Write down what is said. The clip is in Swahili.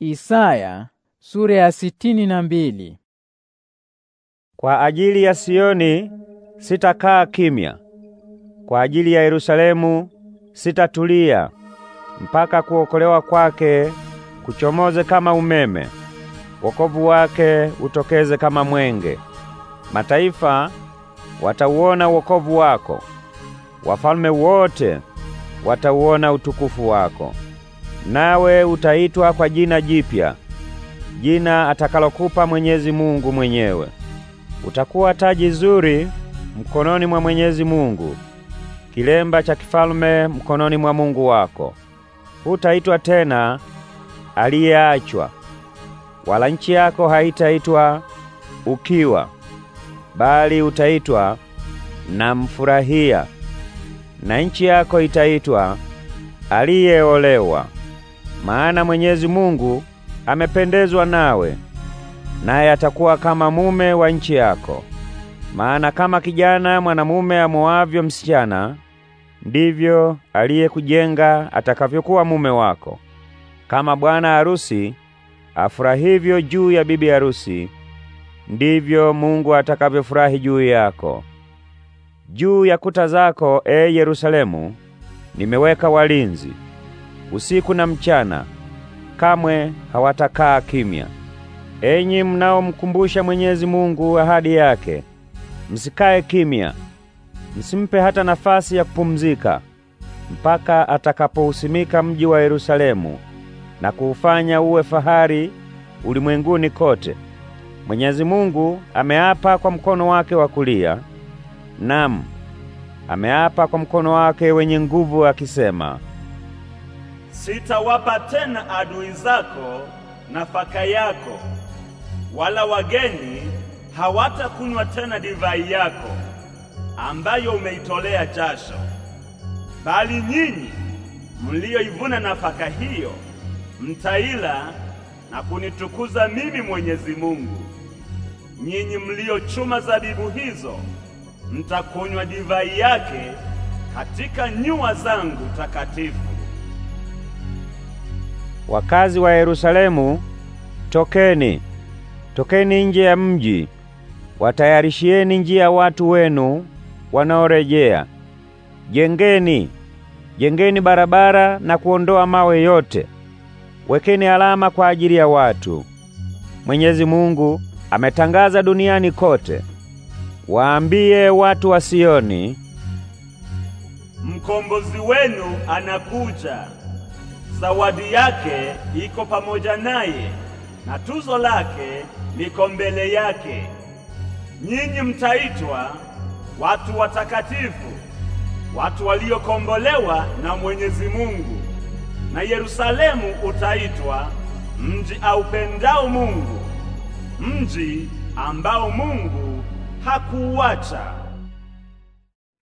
Isaya sura ya sitini na mbili. Kwa ajili ya Sioni sitakaa kimya, kwa ajili ya Yerusalemu sitatulia, mpaka kuokolewa kwake kuchomoze kama umeme, wokovu wake utokeze kama mwenge. Mataifa watauona wokovu wako, wafalme wote watauona utukufu wako nawe utaitwa kwa jina jipya, jina atakalokupa Mwenyezi Mungu mwenyewe. Utakuwa taji zuri mkononi mwa Mwenyezi Mungu, kilemba cha kifalme mkononi mwa Mungu wako. Hutaitwa tena aliyeachwa, wala nchi yako haitaitwa ukiwa, bali utaitwa namfurahia, na nchi yako itaitwa aliyeolewa maana Mwenyezi Mungu amependezwa nawe, naye atakuwa kama mume wa nchi yako. Maana kama kijana mwanamume amoavyo msichana, ndivyo aliyekujenga atakavyokuwa mume wako. Kama bwana harusi afurahivyo juu ya bibi harusi, ndivyo Mungu atakavyofurahi juu yako. Juu ya kuta zako, e Yerusalemu, nimeweka walinzi usiku na mchana, kamwe hawatakaa kimya. Enyi mnaomkumbusha Mwenyezi Mungu ahadi yake, msikae kimya, msimpe hata nafasi ya kupumzika mpaka atakapousimika mji wa Yerusalemu na kuufanya uwe fahari ulimwenguni kote. Mwenyezi Mungu ameapa kwa mkono wake wa kulia, naam, ameapa kwa mkono wake wenye nguvu akisema, Sitawapa tena adui zako nafaka yako, wala wageni hawatakunywa tena divai yako ambayo umeitolea jasho, bali nyinyi mlioivuna nafaka hiyo mtaila na kunitukuza mimi Mwenyezi Mungu. Nyinyi mliochuma zabibu hizo mtakunywa divai yake katika nyua zangu takatifu. Wakazi wa Yerusalemu, tokeni, tokeni nje ya mji, watayarishieni njia watu wenu wanaorejea. Jengeni, jengeni barabara na kuondoa mawe yote, wekeni alama kwa ajili ya watu. Mwenyezi Mungu ametangaza duniani kote, waambie watu wa Sioni, mkombozi wenu anakuja zawadi yake iko pamoja naye na tuzo lake liko mbele yake. Nyinyi mtaitwa watu watakatifu, watu waliokombolewa na Mwenyezi Mungu, na Yerusalemu utaitwa mji aupendao Mungu, mji ambao Mungu hakuuacha.